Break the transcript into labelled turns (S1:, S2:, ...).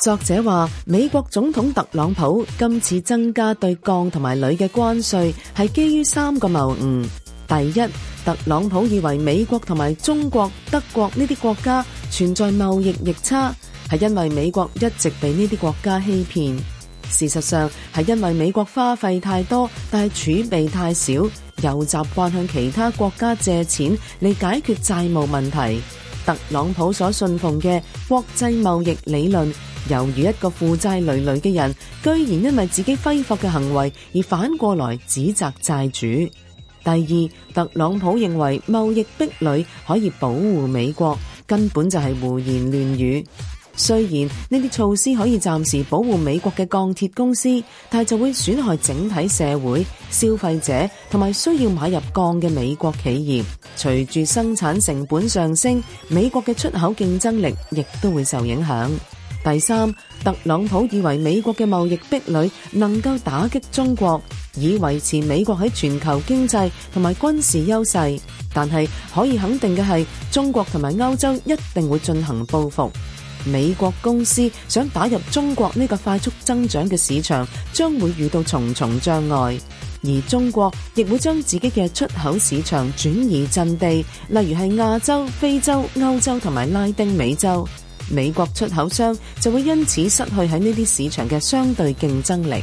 S1: 作者話：美國總統特朗普今次增加對鋼同埋鋁嘅關稅，係基於三個謬誤。第一，特朗普以為美國同埋中國、德國呢啲國家存在貿易逆差，係因為美國一直被呢啲國家欺騙。事實上，係因為美國花費太多，但係儲備太少，又習慣向其他國家借錢嚟解決債務問題。特朗普所信奉嘅國際貿易理論，猶如一個負債纍纍嘅人，居然因為自己揮霍嘅行為而反過來指責債主。第二，特朗普認為貿易壁壘可以保護美國，根本就係胡言亂語。雖然呢啲措施可以暫時保護美國嘅鋼鐵公司，但係就會損害整體社會、消費者同埋需要買入鋼嘅美國企業。隨住生產成本上升，美國嘅出口競爭力亦都會受影響。第三，特朗普以為美國嘅貿易壁壘能夠打擊中國，以維持美國喺全球經濟同埋軍事優勢。但係可以肯定嘅係，中國同埋歐洲一定會進行報復。美國公司想打入中國呢個快速增長嘅市場，將會遇到重重障礙。而中國亦會將自己嘅出口市場轉移陣地，例如係亞洲、非洲、歐洲同埋拉丁美洲。美國出口商就會因此失去喺呢啲市場嘅相對競爭力。